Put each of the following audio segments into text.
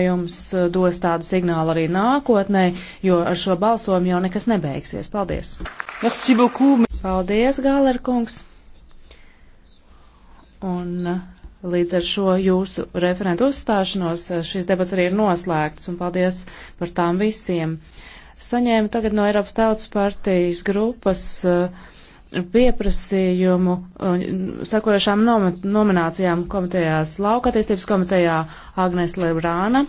jums eh, dos tādu signālu arī nākotnē, jo ar šo balsojumu jau nekas nebeigsies. Paldies! Merci beaucoup! Paldies, Gāler kungs! Un eh, līdz ar šo jūsu referentu uzstāšanos eh, šīs debats arī ir noslēgts, un paldies par tām visiem! Saņēmu tagad no Eiropas Tautas partijas grupas uh, pieprasījumu sakojušām nominācijām komitejās Lauka attīstības komitejā Agnes Lebrāna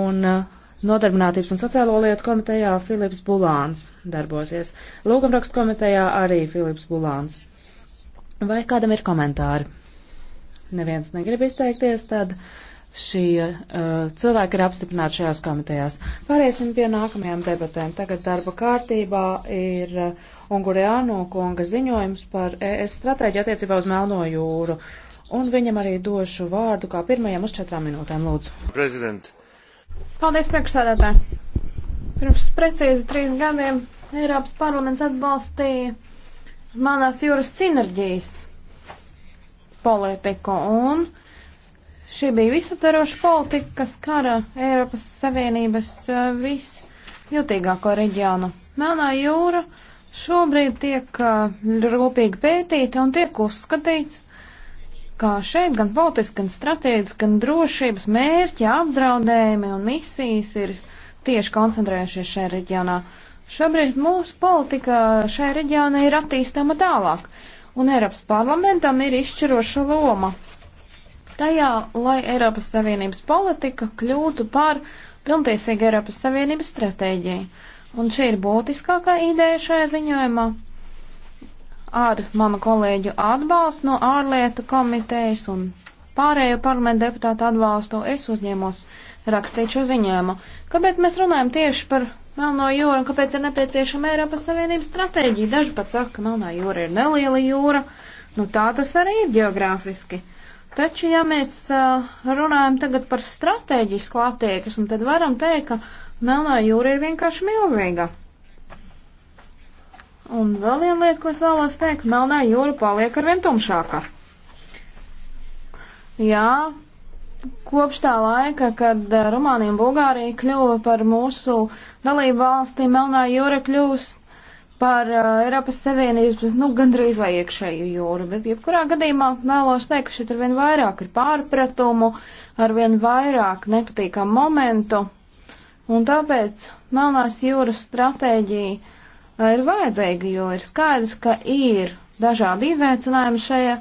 un uh, Nodarbinātības un sociālo lietu komitejā Filips Bulāns darbosies. Lūgumrakstu komitejā arī Filips Bulāns. Vai kādam ir komentāri? Neviens negrib izteikties, tad šie uh, cilvēki ir apstiprināti šajās komitejās. Pāriesim pie nākamajām debatēm. Tagad darba kārtībā ir. Uh, Ungureāno konga ziņojums par ES stratēģiju attiecībā uz Melno jūru. Un viņam arī došu vārdu kā pirmajam uz četrām minūtēm, lūdzu. Prezident. Paldies, priekšsēdētāji. Pirms precīzi trīs gadiem Eiropas parlaments atbalstīja Melnās jūras sinerģijas politiku un šī bija visatveroša politika, kas kara Eiropas Savienības eh, visjūtīgāko reģionu. Melnā jūra Šobrīd tiek rūpīgi pētīta un tiek uzskatīts, kā šeit gan politiski, gan strateģiski, gan drošības mērķi, apdraudējumi un misijas ir tieši koncentrējušies šajā reģionā. Šobrīd mūsu politika šajā reģionā ir attīstāma tālāk, un Eiropas parlamentam ir izšķiroša loma tajā, lai Eiropas Savienības politika kļūtu par pilntiesīgu Eiropas Savienības stratēģiju. Un šī ir būtiskākā ideja šajā ziņojumā. Ar manu kolēģu atbalstu no ārlietu komitejas un pārējo parlamentu deputātu atbalstu es uzņēmos rakstīt šo ziņojumu. Kāpēc mēs runājam tieši par Melno jūru un kāpēc ir nepieciešama Eiropas Savienības stratēģija? Daži pat saka, ka Melnā jūra ir neliela jūra. Nu tā tas arī ir geogrāfiski. Taču, ja mēs uh, runājam tagad par stratēģisku attieksmi, tad varam teikt, ka Melnā jūra ir vienkārši milzīga. Un vēl viena lieta, ko es vēlos teikt, Melnā jūra paliek arvien tumšāka. Jā, kopš tā laika, kad eh, Rumānija un Bulgārija kļuva par mūsu dalību valstīm, Melnā jūra kļūst par uh, Eiropas Savienības, nu, gandrīz vai iekšēju jūru, bet jebkurā gadījumā vēlos teikt, ka šeit arvien vairāk ir pārpratumu, arvien vairāk nepatīkam momentu, Un tāpēc Melnās jūras stratēģija uh, ir vajadzīga, jo ir skaidrs, ka ir dažādi izaicinājumi šajā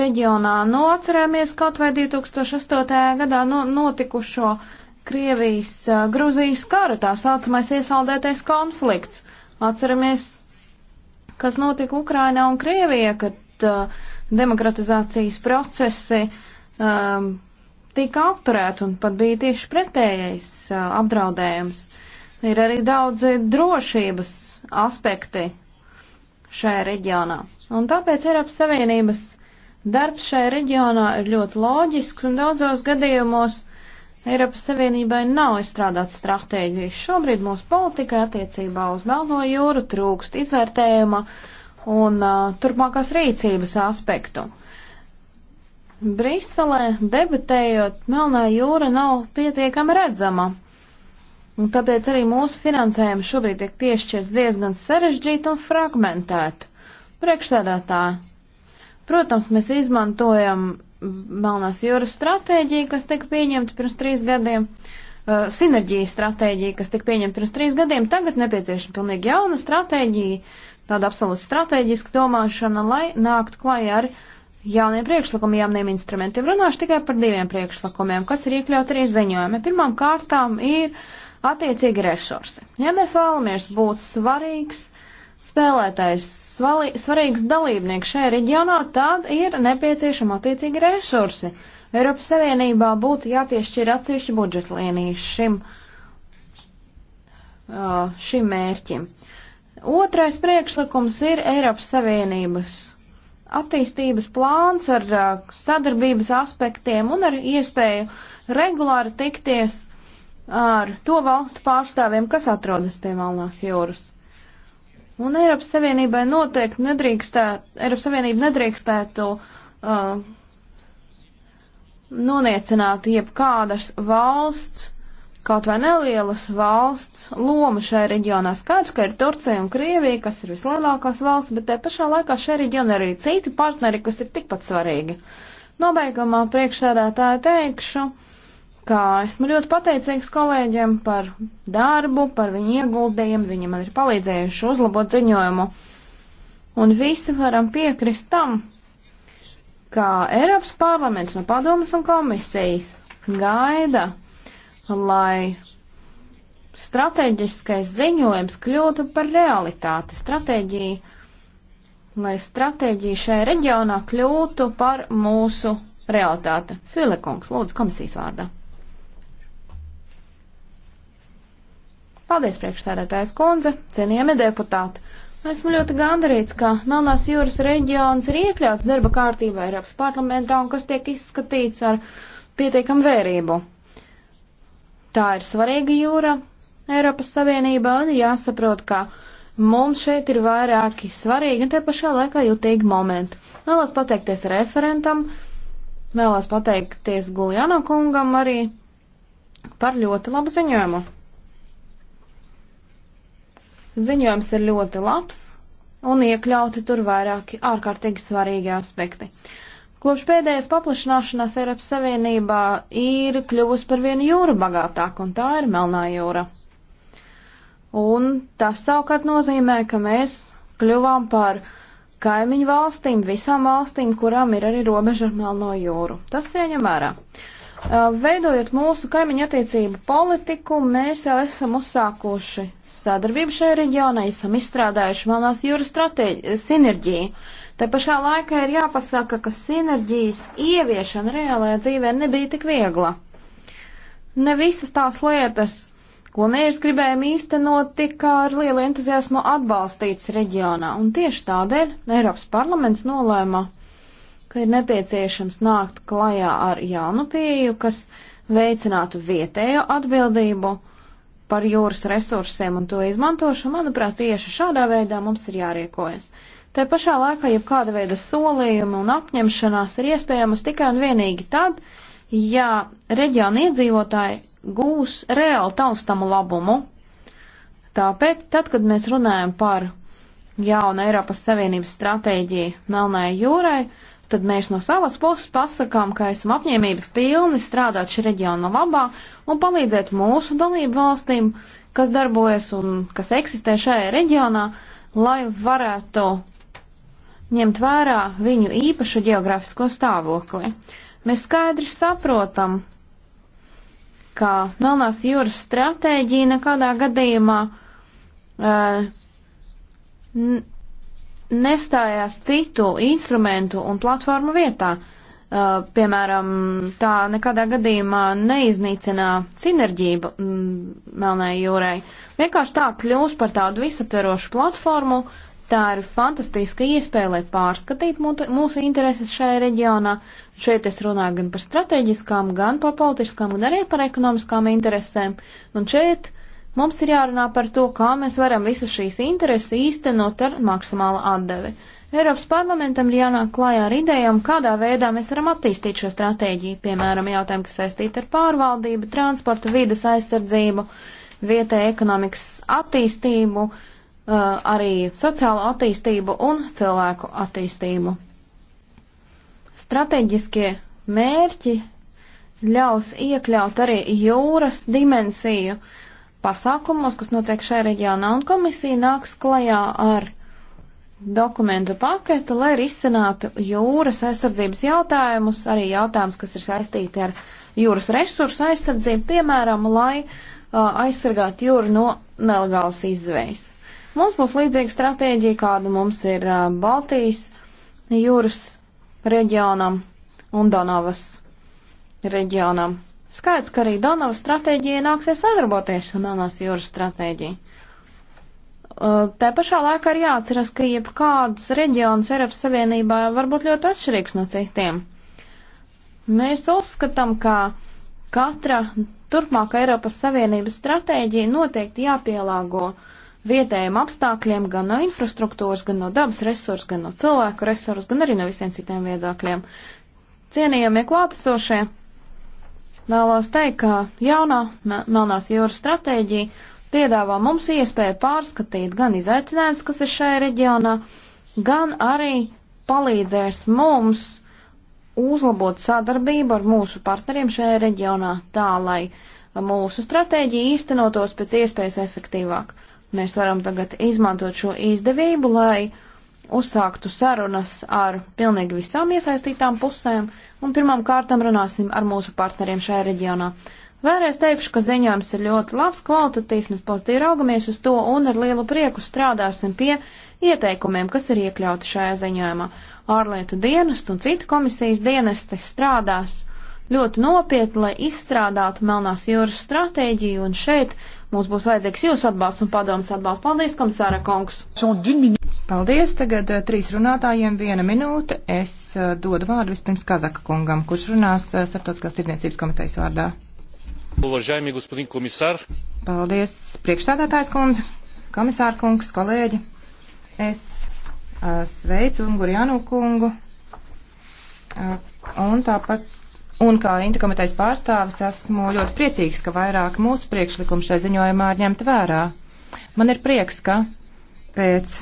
reģionā. Nu, atcerēmies kaut vai 2008. gadā no, notikušo Krievijas-Gruzijas uh, karu, tā saucamais iesaldētais konflikts. Atceramies, kas notika Ukrainā un Krievijā, kad uh, demokratizācijas procesi um, tika apturēti un pat bija tieši pretējais apdraudējums. Ir arī daudzi drošības aspekti šajā reģionā. Un tāpēc Eiropas Savienības darbs šajā reģionā ir ļoti loģisks un daudzos gadījumos Eiropas Savienībai nav izstrādāts stratēģijas. Šobrīd mūsu politika attiecībā uz Melno jūru trūkst izvērtējuma un uh, turpmākās rīcības aspektu. Uh, Briselē debatējot, Melnā jūra nav pietiekami redzama. Un tāpēc arī mūsu finansējums šobrīd tiek piešķirts diezgan sarežģīti un fragmentēti. Priekšsēdētāji, protams, mēs izmantojam Melnās jūras stratēģiju, kas tika pieņemta pirms trīs gadiem, uh, sinerģijas stratēģiju, kas tika pieņemta pirms trīs gadiem. Tagad nepieciešama pilnīgi jauna stratēģija, tāda absolūta stratēģiska domāšana, lai nāktu klajā ar jauniem priekšlikumiem, jauniem instrumentiem. Runāšu tikai par diviem priekšlikumiem, kas ir iekļauti arī ziņojumi. Pirmām kārtām ir attiecīgi resursi. Ja mēs vēlamies būt svarīgs spēlētājs, svali, svarīgs dalībnieks šajā reģionā, tad ir nepieciešama attiecīgi resursi. Eiropas Savienībā būtu jāpiešķir atsevišķi budžetlīnijas šim, uh, šim mērķim. Otrais priekšlikums ir Eiropas Savienības attīstības plāns ar uh, sadarbības aspektiem un ar iespēju regulāri tikties ar to valstu pārstāvjiem, kas atrodas pie Melnās jūras. Un Eiropas Savienībai noteikti nedrīkstētu, Eiropas Savienība nedrīkstētu uh, noniecināt jebkādas valsts kaut vai nelielas valsts loma šajā reģionā. Skaidrs, ka ir Turcija un Krievija, kas ir vislielākās valsts, bet te pašā laikā šajā reģionā ir arī citi partneri, kas ir tikpat svarīgi. Nobeigumā priekšsēdētāji teikšu, ka esmu ļoti pateicīgs kolēģiem par darbu, par viņu ieguldījumu, viņi man ir palīdzējuši uzlabot ziņojumu. Un visi varam piekrist tam, ka Eiropas parlaments no padomas un komisijas gaida lai stratēģiskais ziņojums kļūtu par realitāti, stratēģiju, lai stratēģija šajā reģionā kļūtu par mūsu realitāti. Filekungs, lūdzu, komisijas vārdā. Paldies, priekšstādātājs kundze, cienījami deputāti. Esmu ļoti gandarīts, ka Melnās jūras reģions ir iekļauts darba kārtībā Eiropas parlamentā un kas tiek izskatīts ar pietiekam vērību. Tā ir svarīga jūra Eiropas Savienībā un jāsaprot, ka mums šeit ir vairāki svarīgi un te pašā laikā jutīgi momenti. Vēlos pateikties referentam, vēlos pateikties Guljano kungam arī par ļoti labu ziņojumu. Ziņojums ir ļoti labs un iekļauti tur vairāki ārkārtīgi svarīgi aspekti. Kopš pēdējās paplašināšanās Eiropas Savienībā ir kļuvusi par vienu jūru bagātāku, un tā ir Melnā jūra. Un tas savukārt nozīmē, ka mēs kļuvām par kaimiņu valstīm, visām valstīm, kurām ir arī robeža ar Melno jūru. Tas ieņem vērā. Uh, veidojot mūsu kaimiņu attiecību politiku, mēs jau esam uzsākuši sadarbību šajā reģionā, esam izstrādājuši Melnās jūras sinerģiju. Te pašā laikā ir jāpasaka, ka sinerģijas ieviešana reālajā dzīvē nebija tik viegla. Ne visas tās lietas, ko mēs gribējām īstenot, tika ar lielu entuziasmu atbalstīts reģionā, un tieši tādēļ Eiropas parlaments nolēma, ka ir nepieciešams nākt klajā ar jaunu pieju, kas veicinātu vietējo atbildību par jūras resursiem un to izmantošanu, manuprāt, tieši šādā veidā mums ir jārīkojas. Te pašā laikā jebkāda veida solījuma un apņemšanās ir iespējamas tikai un vienīgi tad, ja reģiona iedzīvotāji gūs reāli taustamu labumu. Tāpēc, tad, kad mēs runājam par jaunu Eiropas Savienības stratēģiju Melnējai jūrai, tad mēs no savas puses pasakām, ka esam apņēmības pilni strādāt šī reģiona labā un palīdzēt mūsu dalību valstīm, kas darbojas un kas eksistē šajā reģionā, lai varētu ņemt vērā viņu īpašu geogrāfisko stāvokli. Mēs skaidri saprotam, ka Melnās jūras stratēģija nekādā gadījumā uh, nestājās citu instrumentu un platformu vietā. Uh, piemēram, tā nekādā gadījumā neiznīcinā sinerģiju mm, Melnējai jūrai. Vienkārši tā kļūst par tādu visaptverošu platformu, uh, Tā ir fantastiska iespēja, lai pārskatītu mūsu intereses šajā reģionā. Šeit es runāju gan par strateģiskām, gan par politiskām, gan arī par ekonomiskām interesēm. Un šeit mums ir jārunā par to, kā mēs varam visas šīs intereses īstenot ar maksimālu atdevi. Eiropas parlamentam ir jānāk klājā ar idejām, kādā veidā mēs varam attīstīt šo stratēģiju, piemēram, jautājumu, kas saistīti ar pārvaldību, transportu, vidas aizsardzību, vietē ekonomikas attīstību, uh, Uh, arī sociālo attīstību un cilvēku attīstību. Strateģiskie mērķi ļaus iekļaut arī jūras dimensiju pasākumos, kas notiek šajā reģionā, un komisija nāks klajā ar dokumentu paketu, lai risinātu jūras aizsardzības jautājumus, arī jautājumus, kas ir saistīti ar jūras resursu aizsardzību, piemēram, lai uh, aizsargātu jūru no nelegālas izvējas. Mums būs līdzīga stratēģija, kādu mums ir Baltijas jūras reģionam un Donavas reģionam. Skaidrs, ka arī Donavas stratēģija nāksies sadarboties ar Melnās jūras stratēģiju. Tā pašā laikā ir jāatceras, ka jebkāds reģions Eiropas Savienībā var būt ļoti atšķirīgs no citiem. Mēs uzskatām, ka katra turpmāka Eiropas Savienības stratēģija noteikti jāpielāgo uh, vietējiem apstākļiem, gan no infrastruktūras, gan no dabas resursu, gan no cilvēku resursu, gan arī no visiem citiem viedokļiem. Cienījamie klātesošie, vēlos teikt, ka jaunā Melnās jūras stratēģija piedāvā mums iespēju pārskatīt gan izaicinājumus, kas ir šajā reģionā, gan arī palīdzēs mums uzlabot sadarbību ar mūsu partneriem šajā reģionā tā, lai mūsu stratēģija īstenotos pēc iespējas efektīvāk. Mēs varam tagad izmantot šo izdevību, lai uzsāktu sarunas ar pilnīgi visām iesaistītām pusēm, un pirmām kārtām runāsim ar mūsu partneriem šajā reģionā. Vēlreiz teikšu, ka ziņojums ir ļoti labs, kvalitatīvs, mēs pozitīvi raugamies uz to un ar lielu prieku strādāsim pie ieteikumiem, kas ir iekļauti šajā ziņojumā. Ārlietu dienestu un citu komisijas dienesti strādās ļoti nopietni, lai izstrādātu Melnās jūras stratēģiju, un šeit mums būs vajadzīgs jūsu atbalsts un padomas atbalsts. Paldies, komisāra kungs! Paldies, tagad eh, trīs runātājiem viena minūte. Es eh, dodu vārdu vispirms Kazaka kungam, kurš runās eh, Startautiskās tirdzniecības komitejas vārdā. Paldies, priekšsādātājs kundze, komisāra kungs, kolēģi. Es sveicu Ungurjanu kungu un tāpat Un kā interkomitejas pārstāvis esmu ļoti priecīgs, ka vairāk mūsu priekšlikumu šai ziņojumā ir ņemt vērā. Man ir prieks, ka pēc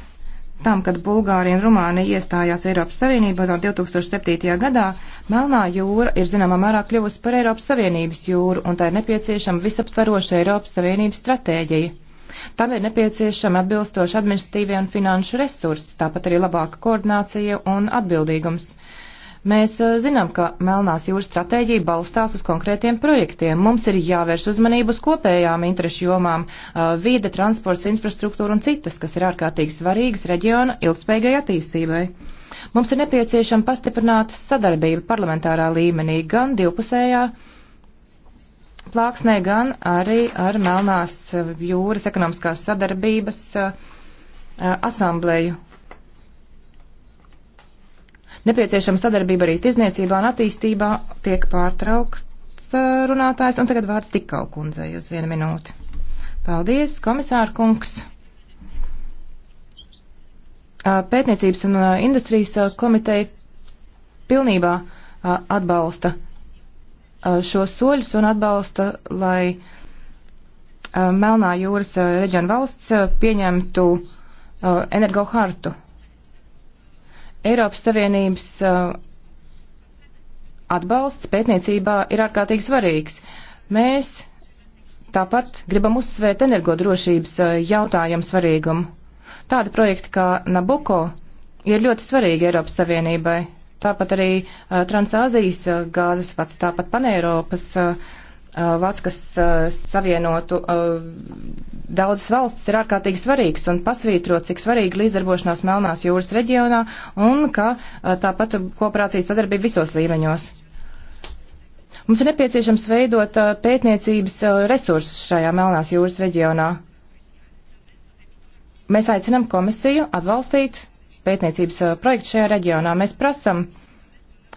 tam, kad Bulgārija un Rumānija iestājās Eiropas Savienībā no 2007. gadā, Melnā jūra ir zināmā mērā kļuvusi par Eiropas Savienības jūru, un tā ir nepieciešama visaptveroša Eiropas Savienības stratēģija. Tam ir nepieciešama atbilstoša administratīvie un finanšu resursi, tāpat arī labāka koordinācija un atbildīgums. Mēs eh, zinām, ka Melnās jūras stratēģija balstās uz konkrētiem projektiem. Mums ir jāvērš uzmanību uz kopējām interešu jomām eh, - vīde, transports, infrastruktūra un citas, kas ir ārkārtīgi svarīgas reģiona ilgspējīgai attīstībai. Mums ir nepieciešama pastiprināta sadarbība parlamentārā līmenī gan divpusējā plāksnē, gan arī ar Melnās eh, jūras ekonomiskās sadarbības asamblēju Nepieciešama sadarbība arī tirzniecībā un attīstībā tiek pārtraukts runātājs. Un tagad vārds tikau kundzei uz vienu minūti. Paldies, komisāra kungs. Pētniecības un industrijas komiteja pilnībā atbalsta šos soļus un atbalsta, lai Melnā jūras reģiona valsts pieņemtu energo hartu. Eiropas Savienības uh, atbalsts pētniecībā ir ārkārtīgi svarīgs. Mēs tāpat gribam uzsvērt energodrošības uh, jautājumu svarīgumu. Tāda projekta kā Nabuko ir ļoti svarīga Eiropas Savienībai. Tāpat arī uh, Transāzijas uh, gāzes vats, tāpat Paneiropas uh, uh, vats, kas uh, savienotu uh, daudzas valstis ir ārkārtīgi svarīgs un pasvītrot, cik svarīgi līdzdarbošanās Melnās jūras reģionā un ka tāpat kooperācijas sadarbība visos līmeņos. Mums ir nepieciešams veidot pētniecības resursus šajā Melnās jūras reģionā. Mēs aicinam komisiju atbalstīt pētniecības projektu šajā reģionā. Mēs prasam,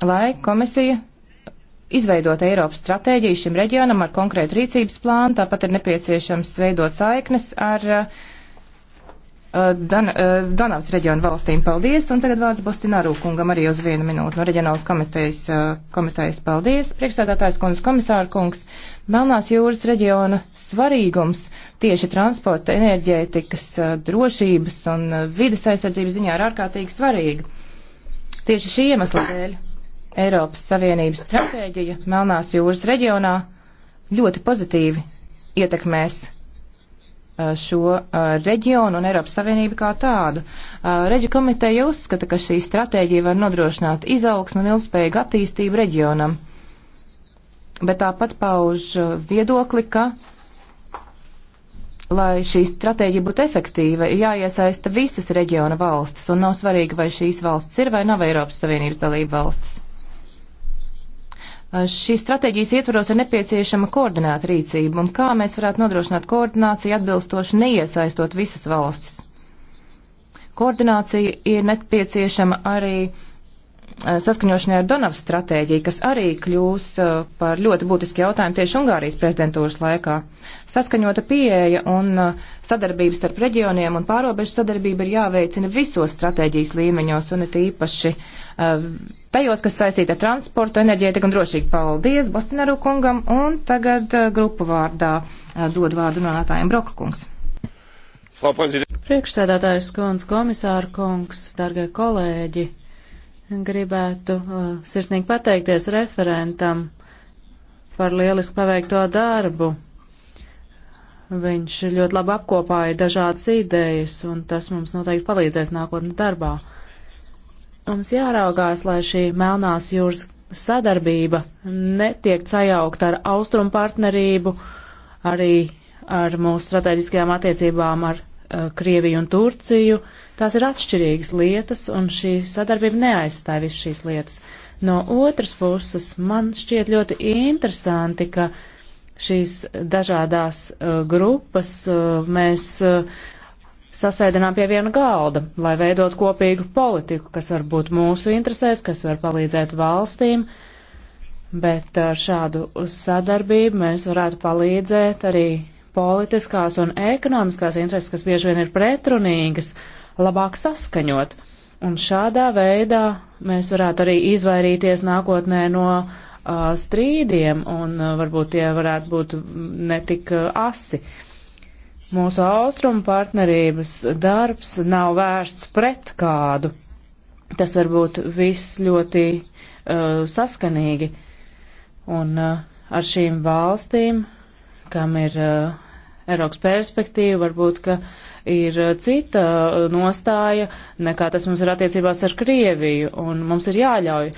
lai komisija izveidot Eiropas stratēģiju šim reģionam ar konkrētu rīcības plānu, tāpat ir nepieciešams veidot saiknes ar uh, Dan, uh, Danavas reģionu valstīm. Paldies, un tagad vārds Bostināru kungam arī uz vienu minūtu no reģionālas komitejas, uh, komitejas. Paldies, priekšstādātājs kundze, komisāra kungs. Melnās jūras reģiona svarīgums tieši transporta, enerģētikas, uh, drošības un uh, vides aizsardzības ziņā ir ārkārtīgi svarīgi. Tieši šī iemesla dēļ Eiropas Savienības stratēģija Melnās jūras reģionā ļoti pozitīvi ietekmēs šo reģionu un Eiropas Savienību kā tādu. Reģi komiteja uzskata, ka šī stratēģija var nodrošināt izaugsmu un ilgspējīgu attīstību reģionam, bet tāpat pauž viedokli, ka, lai šī stratēģija būtu efektīva, ir jāiesaista visas reģiona valstis, un nav svarīgi, vai šīs valstis ir vai nav Eiropas Savienības dalība valstis. Šīs stratēģijas ietvaros ir nepieciešama koordinēta rīcība, un kā mēs varētu nodrošināt koordināciju atbilstoši neiesaistot visas valstis. Koordinācija ir nepieciešama arī uh, Eh, saskaņošanai ar Donavas stratēģiju, kas arī kļūs eh, par ļoti būtisku jautājumu tieši Ungārijas prezidentūras laikā. Saskaņota pieeja un eh, sadarbības starp reģioniem un pārobežu sadarbība ir jāveicina visos stratēģijas līmeņos un it īpaši tajos, kas saistīta ar transportu, enerģētiku un drošību. Paldies Bostinaru kungam un tagad grupu vārdā dod vārdu runātājiem Broka kungs. Priekšsēdētājs Skons, komisāra kungs, dargie kolēģi. Gribētu uh, sirsnīgi pateikties referentam par lieliski paveikto darbu. Viņš ļoti labi apkopāja dažādas idejas, un tas mums noteikti palīdzēs nākotnes darbā. Mums jāraugās, lai šī Melnās jūras sadarbība netiek sajaukta ar austrumu partnerību, arī ar mūsu strateģiskajām attiecībām ar uh, Krieviju un Turciju. Uh, Tās ir atšķirīgas lietas, un šī sadarbība neaizstāja visu šīs lietas. No otras puses, man šķiet ļoti interesanti, ka šīs dažādās uh, grupas uh, mēs uh, sasēdinām pie viena galda, lai veidot kopīgu politiku, kas var būt mūsu interesēs, kas var palīdzēt valstīm, bet ar šādu sadarbību mēs varētu palīdzēt arī politiskās un ekonomiskās intereses, kas bieži vien ir pretrunīgas, uh, labāk saskaņot. Un šādā veidā mēs varētu arī izvairīties nākotnē no uh, strīdiem, un uh, varbūt tie varētu būt netik uh, asi. Mūsu austrumu partnerības darbs nav vērsts pret kādu. Tas varbūt viss ļoti uh, saskanīgi. Un uh, ar šīm valstīm, kam ir uh, Eiropas perspektīva, varbūt, ka uh, ir uh, cita uh, nostāja nekā tas mums ir attiecībās ar Krieviju, un mums ir jāļauj uh,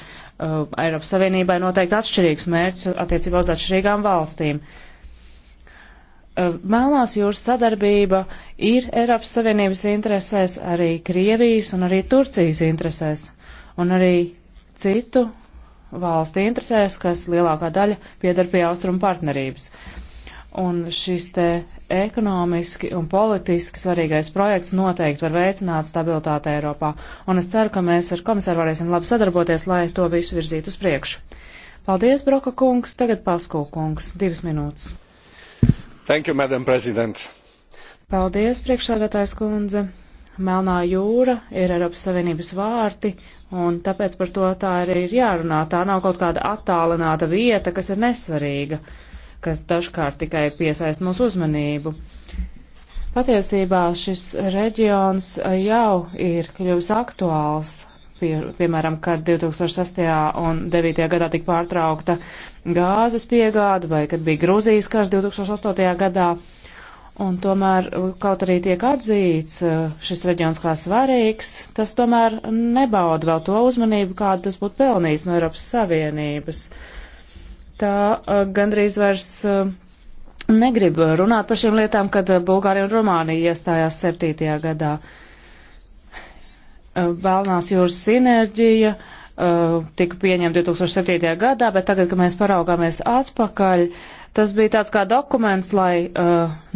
Eiropas Savienībai noteikt atšķirīgus mērķus attiecībā uz atšķirīgām valstīm. Uh, Melnās jūras sadarbība ir Eiropas Savienības interesēs, arī Krievijas un arī Turcijas interesēs, un arī citu valstu interesēs, kas lielākā daļa piedar pie austrumu partnerības. Uh, Un šis te ekonomiski un politiski svarīgais projekts noteikti var veicināt stabilitāti Eiropā. Un es ceru, ka mēs ar komisāru varēsim labi sadarboties, lai to visu virzītu uz priekšu. Paldies, Broka kungs. Tagad Pasko kungs. Divas minūtes. Thank you, Madam President. Paldies, priekšsādātājs kundze. Melnā jūra ir Eiropas Savienības vārti, un tāpēc par to tā arī ir jārunā. Tā nav kaut kāda attālināta vieta, kas ir nesvarīga. Uh, kas dažkārt tikai piesaist mūsu uzmanību. Patiesībā šis reģions jau ir kļuvis aktuāls, pie, piemēram, kad 2008. un 2009. gadā tika pārtraukta gāzes piegāda vai kad bija Grūzijas kārs 2008. gadā. Un tomēr, kaut arī tiek atzīts eh, šis reģions kā svarīgs, tas tomēr nebauda vēl to uzmanību, kādu tas būtu pelnījis no Eiropas Savienības. Uh, tā gandrīz vairs negrib runāt par šīm lietām, kad Bulgārija un Rumānija iestājās 7. gadā. Balnās jūras sinerģija tika pieņemta 2007. gadā, bet tagad, kad mēs paraugāmies atpakaļ, tas bija tāds kā dokuments, lai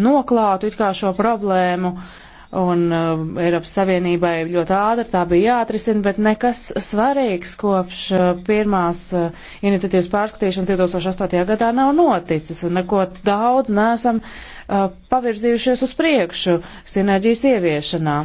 noklātu it kā šo problēmu. Uh, un uh, Eiropas Savienībai ļoti ātri tā bija jāatrisina, bet nekas svarīgs kopš uh, pirmās uh, iniciatīvas pārskatīšanas 2008. gadā nav noticis, un neko daudz nesam uh, pavirzījušies uz priekšu sinerģijas ieviešanā.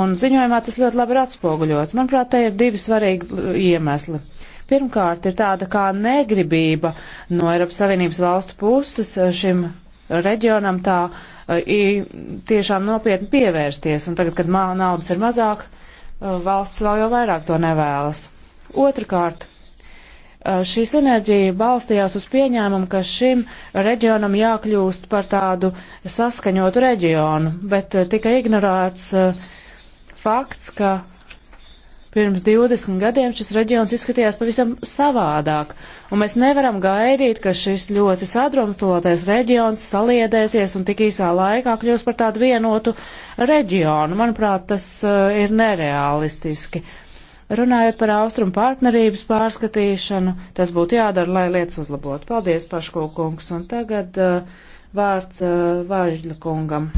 Un ziņojumā tas ļoti labi ir atspoguļots. Manuprāt, te ir divi svarīgi uh, iemesli. Pirmkārt, ir tāda kā negribība no Eiropas Savienības valstu puses uh, šim reģionam tā uh, tiešām nopietni pievērsties. Un tagad, kad naudas ir mazāk, valsts vēl jau vairāk to nevēlas. Otrakārt, šī sinerģija balstījās uz pieņēmumu, ka šim reģionam jākļūst par tādu saskaņotu reģionu, bet tika ignorēts fakts, ka Pirms 20 gadiem šis reģions izskatījās pavisam savādāk, un mēs nevaram gaidīt, ka šis ļoti sadrumstolotais reģions saliedēsies un tik īsā laikā kļūs par tādu vienotu reģionu. Manuprāt, tas uh, ir nereālistiski. Runājot par austrumu partnerības pārskatīšanu, tas būtu jādara, lai lietas uzlabotu. Paldies, Paško kungs, un tagad uh, vārds uh, eh, Vāļļa kungam.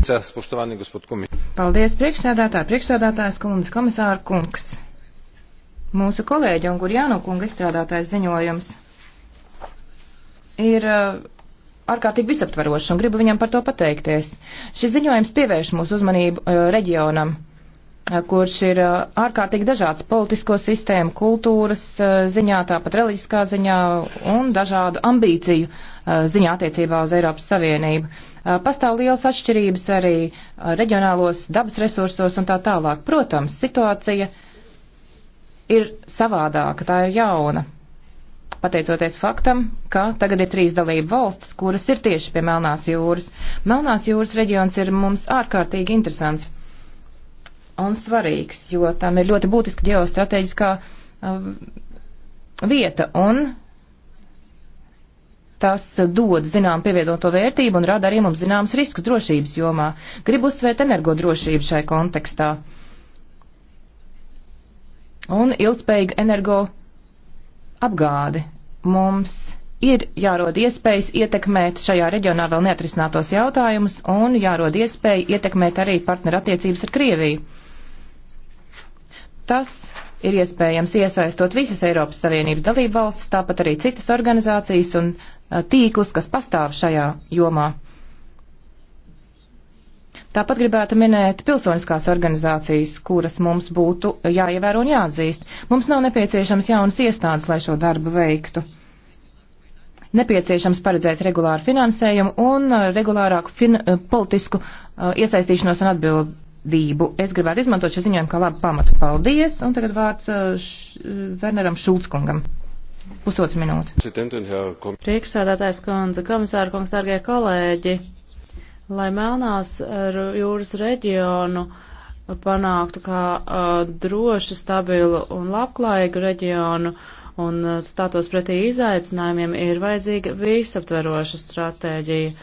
Paldies, priekšsēdētāji, priekšsēdētājs kundze, komisāra kungs. Mūsu kolēģi un Gurjānu kunga izstrādātais ziņojums ir uh, ārkārtīgi visaptvarošs un gribu viņam par to pateikties. Šis ziņojums pievērš mūsu uzmanību uh, reģionam, uh, kurš ir ārkārtīgi dažāds politisko sistēmu, kultūras ziņā, tāpat reliģiskā ziņā un dažādu ambīciju ziņā attiecībā uz Eiropas Savienību. Pastāv lielas atšķirības arī reģionālos dabas resursos un tā tālāk. Protams, situācija uh, ir savādāka, tā ir jauna. Pateicoties faktam, ka tagad ir trīs dalību valstis, kuras ir tieši pie Melnās jūras. Melnās jūras reģions ir mums ārkārtīgi interesants un svarīgs, jo tam ir ļoti būtiska ģeostrateģiskā uh, vieta un tas dod zinām pievienoto vērtību un rada arī mums zināms risks drošības jomā. Gribu uzsvērt energodrošību šai kontekstā. Uh, un ilgspējīgu energo apgādi. Mums ir jārod iespējas ietekmēt šajā reģionā vēl neatrisinātos jautājumus un jārod iespēja ietekmēt arī partnerattiecības ar Krieviju. Tas ir iespējams iesaistot visas Eiropas Savienības dalību valsts, tāpat arī citas organizācijas un tīklus, kas pastāv šajā jomā. Tāpat gribētu minēt pilsoniskās organizācijas, kuras mums būtu jāievēro un jāatzīst. Mums nav nepieciešams jaunas iestādes, lai šo darbu veiktu. Nepieciešams paredzēt regulāru finansējumu un uh, regulārāku fin uh, politisku uh, iesaistīšanos un atbildību. Es gribētu izmantot šo ziņojumu kā labu pamatu. Paldies! Un tagad vārds uh, š, uh, Werneram Šulckungam. Pusotru minūti. Priekšsēdētājs kundze, komisāra kungs, dārgie kolēģi! lai Melnās jūras reģionu panāktu kā uh, drošu, stabilu un labklājīgu reģionu un uh, stātos pretī izaicinājumiem, ir vajadzīga visaptveroša stratēģija.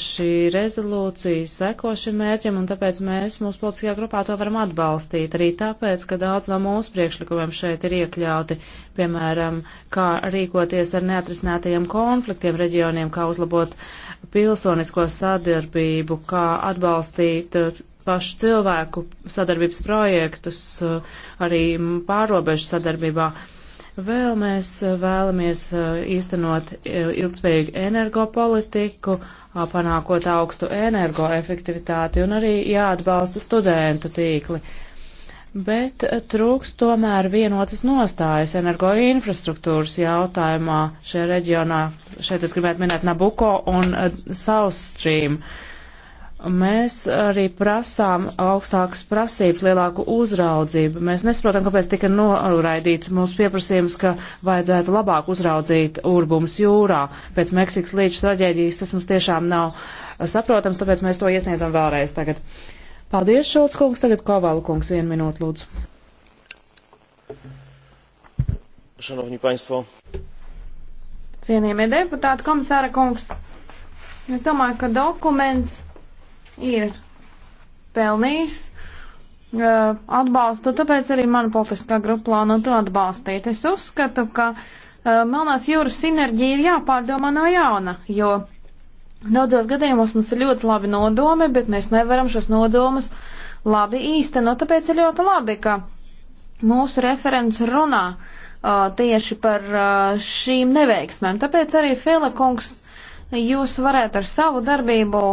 Šī rezolūcija seko šim mērķim, un tāpēc mēs mūsu politiskajā grupā to varam atbalstīt. Arī tāpēc, ka daudz no mūsu priekšlikumiem šeit ir iekļauti, piemēram, kā rīkoties ar neatrisinātajiem konfliktiem reģioniem, kā uzlabot uh, pilsonisko sadarbību, kā atbalstīt uh, pašu cilvēku sadarbības projektus, uh, arī pārobežu sadarbībā. Vēl mēs uh, vēlamies īstenot ilgspējīgu energopolitiku, panākot augstu energoefektivitāti un arī jāatbalsta studentu tīkli bet eh, trūks tomēr vienotas nostājas energo infrastruktūras jautājumā šajā reģionā. Šeit es gribētu minēt Nabuko un eh, South Stream. Mēs arī prasām augstākas prasības, lielāku uzraudzību. Mēs nesaprotam, kāpēc tika noraidīts mūsu pieprasījums, ka vajadzētu labāk uzraudzīt urbums jūrā. Pēc Meksikas līča traģēdijas tas mums tiešām nav saprotams, tāpēc mēs to iesniedzam vēlreiz tagad. Paldies, Šulc kungs. Tagad Kovalu kungs vienu minūtu lūdzu. Šanovņi paņstvo. Cienījamie deputāti, komisāra kungs, es domāju, ka dokuments ir pelnījis uh, atbalstu, tāpēc arī mana politiskā grupa plāno to atbalstīt. Es uzskatu, ka uh, Melnās jūras sinerģija ir jāpārdomā no jauna, jo Daudzos gadījumos mums ir ļoti labi nodomi, bet mēs nevaram šos nodomus labi īstenot. Nu, tāpēc ir ļoti labi, ka mūsu referents runā uh, tieši par uh, šīm neveiksmēm. Tāpēc arī Fila kungs, jūs varētu ar savu darbību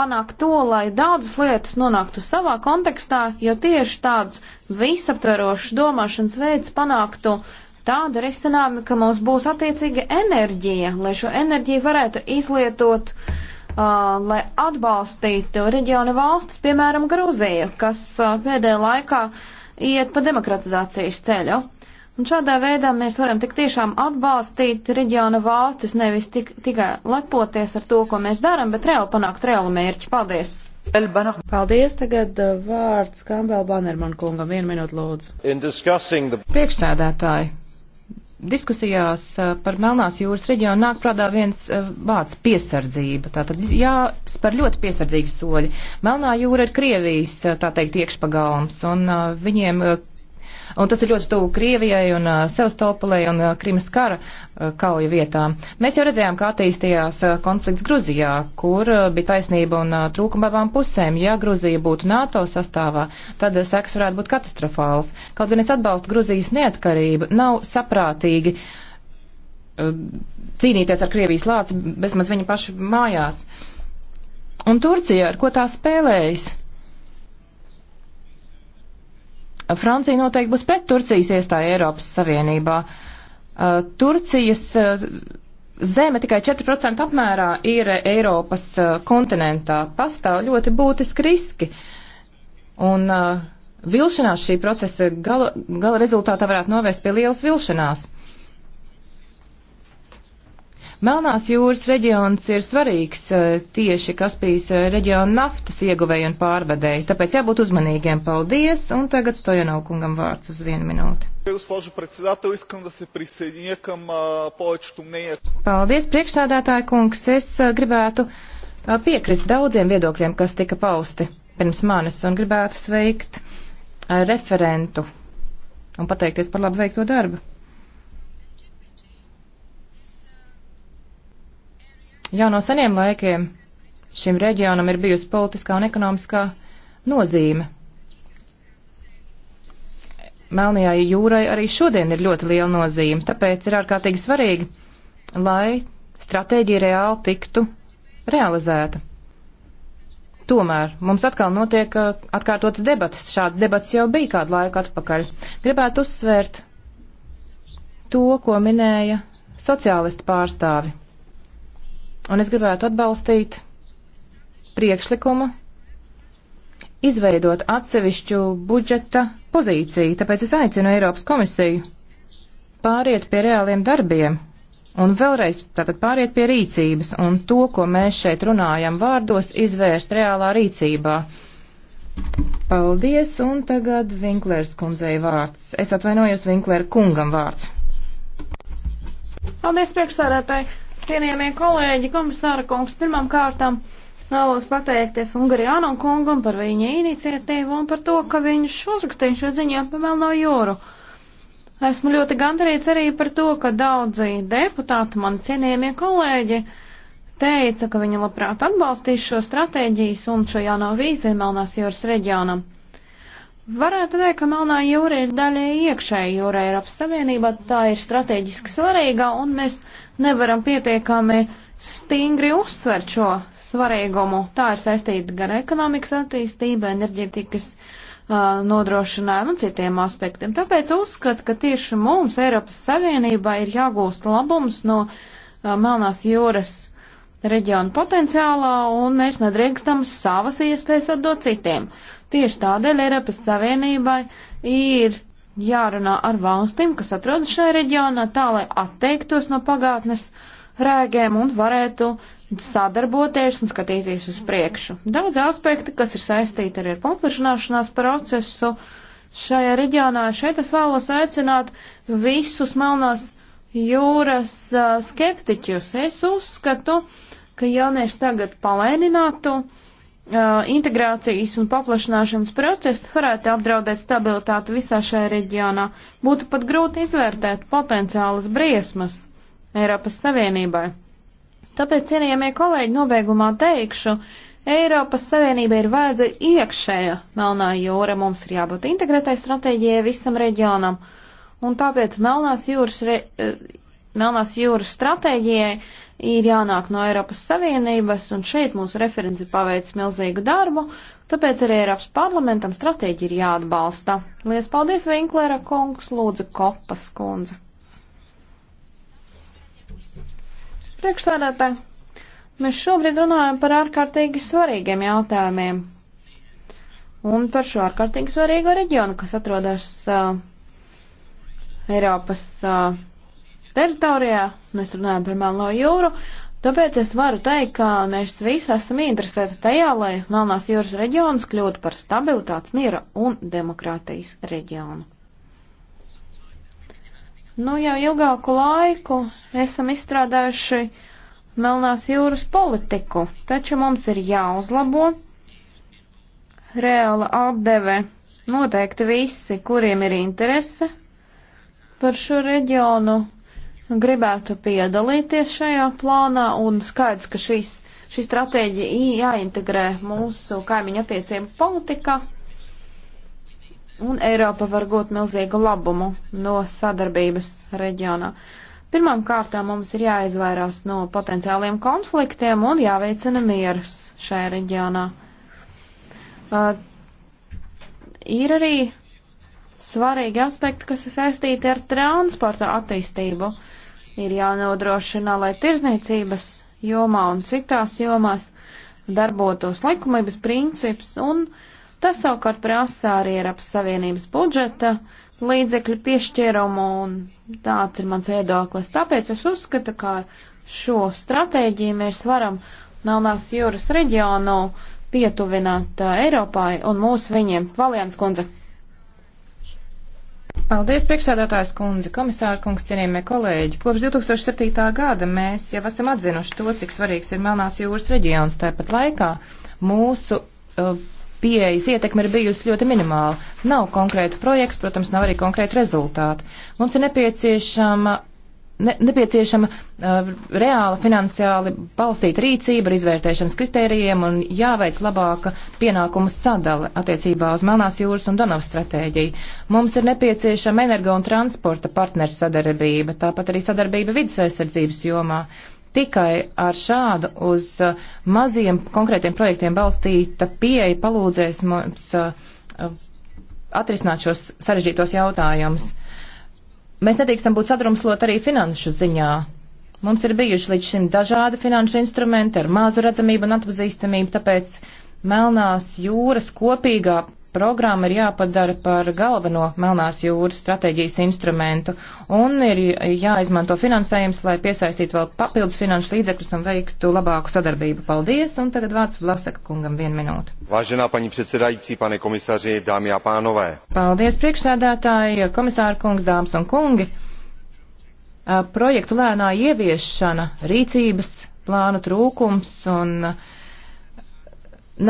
panākt to, lai daudzas lietas nonāktu savā kontekstā, jo tieši tāds visaptverošs domāšanas veids panāktu uh, tādu risinājumu, ka mums būs attiecīga enerģija, lai šo enerģiju varētu izlietot, uh, lai atbalstītu reģiona valstis, piemēram, Grūziju, kas uh, pēdējā laikā iet pa demokratizācijas ceļu. Un šādā veidā mēs varam tik tiešām atbalstīt reģiona valstis, nevis tik, tikai lepoties ar to, ko mēs darām, bet reāli panākt reālu mērķi. Paldies! Paldies, tagad vārds Kambel Banerman kungam, vienu minūtu lūdzu. The... Priekšsēdētāji, diskusijās eh, par Melnās jūras reģionu nāk prātā viens eh, vārds - piesardzība. Tātad jāspēr ļoti piesardzīgi soļi. Melnā jūra ir Krievijas, eh, tā teikt, iekšpagalms, un viņiem Un tas ir ļoti tuvu Krievijai un uh, Sevastopolē un uh, Krimas kara uh, kauju vietām. Mēs jau redzējām, kā attīstījās uh, konflikts Gruzijā, kur uh, bija taisnība un uh, trūkuma abām pusēm. Ja Gruzija būtu NATO sastāvā, tad uh, seks varētu būt katastrofāls. Kaut gan es atbalstu Gruzijas neatkarību, nav saprātīgi. Uh, cīnīties ar Krievijas lāci bezmaz viņa paša mājās. Un Turcija, ar ko tā spēlējas? Francija noteikti būs pret Turcijas iestāju Eiropas Savienībā. Uh, Turcijas uh, zeme tikai 4% apmērā ir Eiropas uh, kontinentā. Pastāv ļoti būtiski riski. Un vilšanās šī procesa gala, gala rezultātā varētu novest pie lielas vilšanās. Melnās jūras reģions ir svarīgs e, tieši Kaspijas e, reģiona naftas ieguvēju un pārvedēju, tāpēc jābūt uzmanīgiem. Paldies, un tagad Stojanaukungam vārds uz vienu minūti. Paldies, priekšsādātāja kungs, es gribētu piekrist daudziem viedokļiem, kas tika pausti pirms manis, un gribētu sveikt referentu un pateikties par labu veikto darbu. Jau no seniem laikiem šim reģionam ir bijusi politiskā un ekonomiskā nozīme. Melnajā jūrai arī šodien ir ļoti liela nozīme, tāpēc ir ārkārtīgi svarīgi, lai stratēģija reāli tiktu realizēta. Tomēr mums atkal notiek uh, atkārtotas debatas. Šāds debats jau bija kādu laiku atpakaļ. Gribētu uzsvērt to, ko minēja sociālisti pārstāvi. Un es gribētu atbalstīt priekšlikumu izveidot atsevišķu budžeta pozīciju, tāpēc es aicinu Eiropas komisiju pāriet pie reāliem darbiem un vēlreiz tātad pāriet pie rīcības un to, ko mēs šeit runājam vārdos, izvērst reālā rīcībā. Paldies, un tagad Vinklērs kundzei vārds. Es atvainojos Vinklēra kungam vārds. Paldies, priekšsādātāji! Cienījamie kolēģi, komisāra kungs, pirmām kārtām vēlos pateikties Ungarijānam kungam par viņa iniciatīvu un par to, ka viņš uzrakstīja šo ziņu par Melno jūru. Esmu ļoti gandarīts arī par to, ka daudzi deputāti, mani cienījamie kolēģi, teica, ka viņi labprāt atbalstīs šo stratēģijas un šo jauno vīziju Melnās jūras reģionam. Varētu teikt, ka Melnā jūra ir daļai iekšēji jūra Eiropas Savienībā, tā ir strateģiski svarīga, un mēs nevaram pietiekami stingri uzsvert šo svarīgumu. Tā ir saistīta gan ekonomikas attīstība, enerģetikas uh, nodrošinājumu un citiem aspektiem. Tāpēc uzskatu, ka tieši mums Eiropas Savienībā ir jāgūst labums no uh, Melnās jūras reģiona potenciālā un mēs nedrīkstam savas iespējas atdot citiem. Tieši tādēļ Eiropas Savienībai ir jārunā ar valstīm, kas atrodas šajā reģionā, tā lai atteiktos no pagātnes rēgiem un varētu sadarboties un skatīties uz priekšu. Daudz aspekti, kas ir saistīti arī ar paplašināšanās procesu šajā reģionā, šeit es vēlos aicināt visus melnās jūras skeptiķus. Es uzskatu, ka jaunieši tagad palēninātu uh, integrācijas un paplašināšanas process varētu apdraudēt stabilitāti visā šajā reģionā. Būtu pat grūti izvērtēt potenciālas briesmas Eiropas Savienībai. Tāpēc, cienījamie kolēģi, nobeigumā teikšu, Eiropas Savienība ir vajadzīga iekšēja Melnā jūra, mums ir jābūt integrētai stratēģijai visam reģionam, un tāpēc Melnās jūras, re, Melnās jūras stratēģijai ir jānāk no Eiropas Savienības, un šeit mūsu referenci paveic milzīgu darbu, tāpēc arī Eiropas parlamentam stratēģi ir jāatbalsta. Lies paldies, Vinklera kungs, lūdzu, Kopas kundze. Priekšstādātāji, mēs šobrīd runājam par ārkārtīgi svarīgiem jautājumiem un par šo ārkārtīgi svarīgo reģionu, kas atrodas uh, Eiropas uh, teritorijā, mēs runājam par Melno jūru, tāpēc es varu teikt, ka mēs visi esam interesēti tajā, lai Melnās jūras reģions kļūtu par stabilitātes, miera un demokrātijas reģionu. Nu, jau ilgāku laiku esam izstrādājuši Melnās jūras politiku, taču mums ir jāuzlabo reāla apdeve noteikti visi, kuriem ir interese par šo reģionu, gribētu piedalīties šajā plānā un skaidrs, ka šīs, šī stratēģija jāintegrē mūsu kaimiņu attiecību politikā. Un Eiropa var gūt milzīgu labumu no sadarbības reģionā. Pirmām kārtām mums ir jāizvairās no potenciāliem konfliktiem un jāveicina mieras šajā reģionā. Uh, ir arī svarīgi aspekti, kas ir saistīti ar transporta attīstību. Uh, Ir jānodrošina, lai tirzniecības jomā un citās jomās darbotos likumības princips, un tas savukārt prasa arī Eiropas Savienības budžeta līdzekļu piešķirumu, un tāds ir mans viedoklis. Tāpēc es uzskatu, ka šo stratēģiju mēs varam Melnās jūras reģionu pietuvināt uh, Eiropai un mūs viņiem. Valians kundze. Paldies, priekšsēdētājs kundze, komisāra kungs, cienījamie kolēģi. Kopš 2007. gada mēs jau esam atzinuši to, cik svarīgs ir Melnās jūras reģions. Tāpat laikā mūsu uh, pieejas ietekme ir bijusi ļoti minimāla. Nav konkrētu projektu, protams, nav arī konkrētu rezultātu. Mums ir nepieciešama ne, nepieciešama uh, reāla finansiāli balstīta rīcība ar izvērtēšanas kritērijiem un jāveic labāka pienākumu sadale attiecībā uz Melnās jūras un Donavas stratēģiju. Mums ir nepieciešama energo un transporta partners sadarbība, tāpat arī sadarbība vidas aizsardzības jomā. Tikai ar šādu uz uh, maziem konkrētiem projektiem balstīta pieeja palūdzēs mums uh, uh atrisināt šos sarežģītos jautājumus Mēs nedrīkstam būt sadrumslot arī finanšu ziņā. Mums ir bijuši līdz šim dažādi finanšu instrumenti ar mazu redzamību un atpazīstamību, tāpēc Melnās jūras kopīgā programma ir jāpadara par galveno Melnās jūras stratēģijas instrumentu un ir jāizmanto finansējums, lai piesaistītu vēl papildus finanšu līdzekļus un veiktu labāku sadarbību. Paldies, un tagad vārds Vlasaka kungam vienu minūtu. Váženā paņi predsedājīcī, pane komisāri, dāmi jāpānovē. Paldies, priekšsēdētāji, komisāra kungs, dāmas un kungi. Projektu lēnā ieviešana, rīcības plānu trūkums un uh,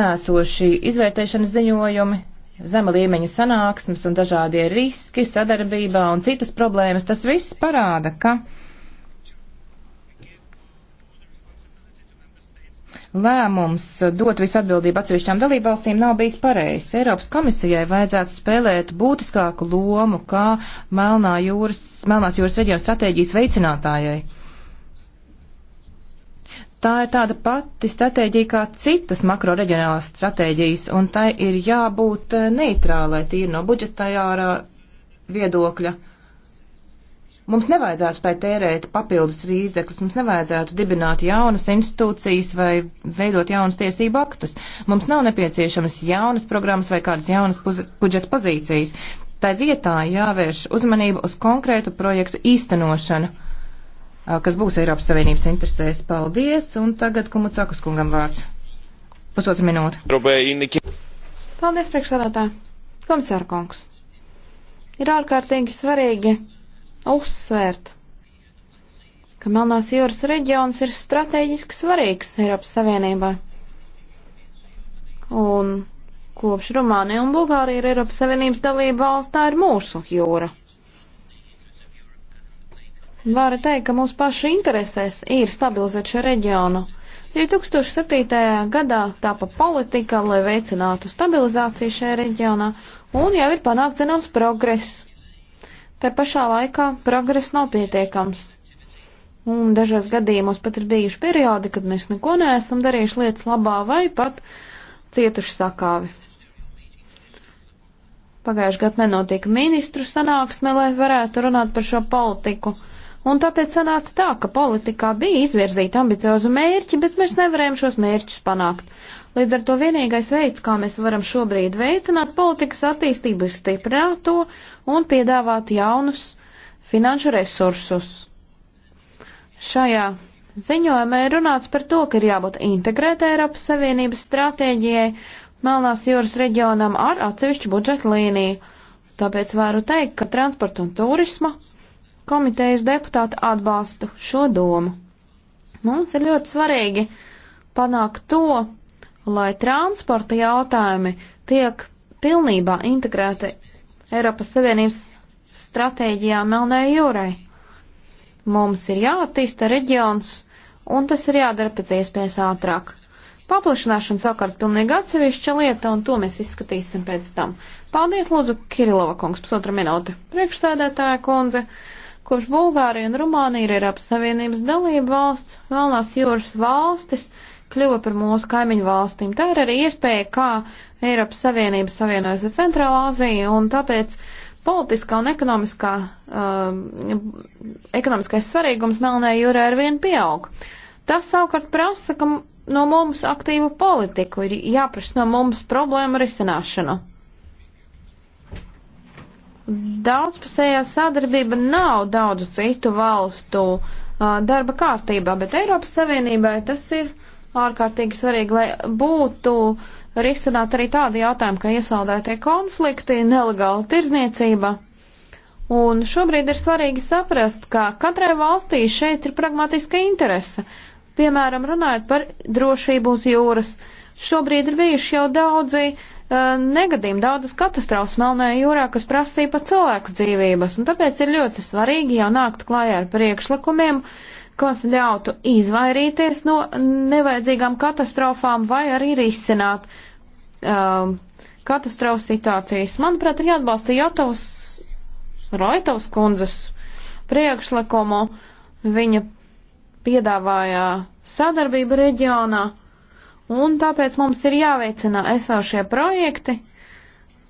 nēsoši izvērtēšanas ziņojumi zema līmeņa sanāksmes un dažādie riski sadarbībā un citas problēmas, tas viss parāda, ka lēmums dot visu atbildību atsevišķām dalībvalstīm nav bijis pareizs. Eiropas komisijai vajadzētu spēlēt būtiskāku lomu kā Melnā jūras, Melnās jūras reģiona stratēģijas veicinātājai tā ir tāda pati stratēģija kā citas makroreģionālās stratēģijas, un tai ir jābūt eh, neitrālai tīri no budžetārā viedokļa. Mums nevajadzētu tai tērēt papildus rīdzekļus, mums nevajadzētu dibināt jaunas institūcijas vai veidot jaunas tiesību aktus. Mums nav nepieciešamas jaunas programmas vai kādas jaunas budžeta pozīcijas. Tai vietā jāvērš uzmanība uz konkrētu projektu īstenošanu kas būs Eiropas Savienības interesēs. Paldies, un tagad Kumucakas kungam vārds. Pusotru minūti. Paldies, priekšsādātā. Komisāra kungs. Ir ārkārtīgi svarīgi uzsvērt, ka Melnās jūras reģions ir strateģiski svarīgs Eiropas Savienībā. Un kopš Rumānija un Bulgārija ir Eiropas Savienības dalība valsts, tā ir mūsu jūra. Varu teikt, ka mūsu pašu interesēs ir stabilizēt šo reģionu. 2007. gadā tāpa politika, lai veicinātu stabilizāciju šajā reģionā, un jau ir panākts zināms progress. Te pašā laikā progress nav pietiekams. Un dažos gadījumos pat ir bijuši periodi, kad mēs neko neesam darījuši lietas labā vai pat cietuši sakāvi. Pagājuši gadu nenotika ministru sanāksme, lai varētu runāt par šo politiku. Un tāpēc sanāca tā, ka politikā bija izvirzīta ambiciozu mērķi, bet mēs nevarējām šos mērķus panākt. Līdz ar to vienīgais veids, kā mēs varam šobrīd veicināt politikas attīstību, ir stiprināt to un piedāvāt jaunus finanšu resursus. Šajā ziņojumā ir runāts par to, ka ir jābūt integrētai Eiropas Savienības stratēģijai Melnās jūras reģionam ar atsevišķu budžeta līniju. Tāpēc varu teikt, ka transporta un turisma komitejas deputāti atbalstu šo domu. Mums ir ļoti svarīgi panākt to, lai transporta jautājumi tiek pilnībā integrēti Eiropas Savienības stratēģijā Melnējai jūrai. Mums ir jāattīsta reģions, un tas ir jādara pēc iespējas ātrāk. Paplašināšana savukārt pilnīgi atsevišķa lieta, un to mēs izskatīsim pēc tam. Paldies, lūdzu, Kirilova kungs, pusotra minūte. Priekšstādētāja kundze. Uh, Kopš Bulgārija un Rumānija ir Eiropas Savienības dalība valsts, Melnās jūras valstis kļuva par mūsu kaimiņu valstīm. Tā ir arī iespēja, kā Eiropas Savienība savienojas ar Centrālā Aziju, un tāpēc politiskā un ekonomiskā, um, ekonomiskais svarīgums Melnē jūrā ar vienu pieaug. Tas savukārt prasa, ka no mums aktīvu politiku ir jāprasa no mums problēmu risināšanu. Daudzpusējā sadarbība nav daudzu citu valstu uh, darba kārtībā, bet Eiropas Savienībai tas ir ārkārtīgi svarīgi, lai būtu risināt arī tādi jautājumi, kā iesaldētie konflikti, nelegāla tirzniecība. Un šobrīd ir svarīgi saprast, ka katrai valstī šeit ir pragmatiska interese. Piemēram, runājot par drošību uz jūras. Šobrīd ir bijuši jau daudzi uh, negadījumi, daudzas katastrofas Melnajā jūrā, kas prasīja pat cilvēku dzīvības, un tāpēc ir ļoti svarīgi jau nākt klājā ar priekšlikumiem, kas ļautu izvairīties no nevajadzīgām katastrofām vai arī risināt um, katastrofas situācijas. Manuprāt, ir jāatbalsta Jotovs Roitovs kundzes priekšlikumu. Viņa piedāvāja sadarbību reģionā. Un tāpēc mums ir jāveicina esošie projekti,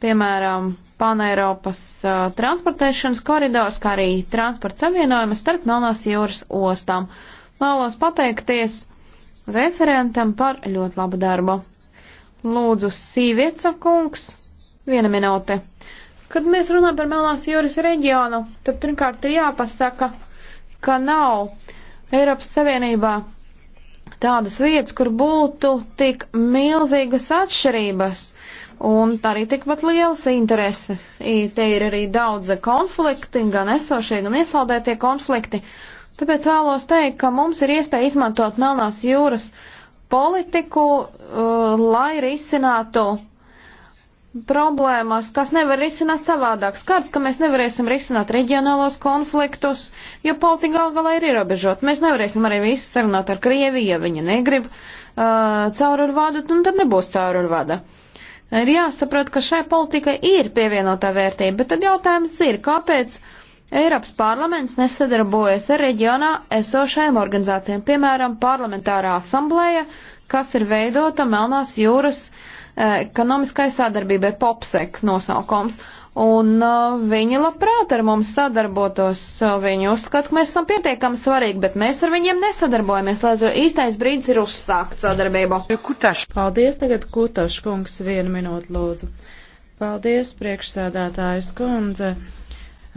piemēram, Paneiropas uh, transportēšanas koridors, kā arī transporta savienojuma starp Melnās jūras ostām. Vēlos pateikties referentam par ļoti labu darbu. Lūdzu, Sīvieca kungs, viena minūte. Kad mēs runājam par Melnās jūras reģionu, tad pirmkārt ir jāpasaka, ka nav Eiropas Savienībā tādas vietas, kur būtu tik milzīgas atšķirības un arī tikpat liels intereses. Te ir arī daudz konflikti, gan esošie, gan iesaldētie konflikti. Tāpēc vēlos teikt, ka mums ir iespēja izmantot Melnās jūras politiku, uh, lai risinātu problēmas, kas nevar risināt savādāk. Skārts, ka mēs nevarēsim risināt reģionālos konfliktus, jo politika gal galā ir ierobežota. Mēs nevarēsim arī visu sarunāt ar Krieviju, ja viņa negrib uh, caururvādu, un nu, tad nebūs caururvāda. Ir jāsaprot, ka šai politikai ir pievienotā vērtība, bet tad jautājums ir, kāpēc Eiropas parlaments nesadarbojas ar reģionā esošajām organizācijām, piemēram, parlamentārā asamblēja, kas ir veidota Melnās jūras eh, ekonomiskai sadarbībai, popsek nosaukums. Un uh, viņi labprāt ar mums sadarbotos. Eh, viņi uzskata, ka mēs esam pietiekami svarīgi, bet mēs ar viņiem nesadarbojamies. Līdz īstais brīdis ir uzsākt sadarbību. Kutaš. Paldies tagad, Kutaš kungs, vienu minūtu lūdzu. Paldies, priekšsēdētājs kundze.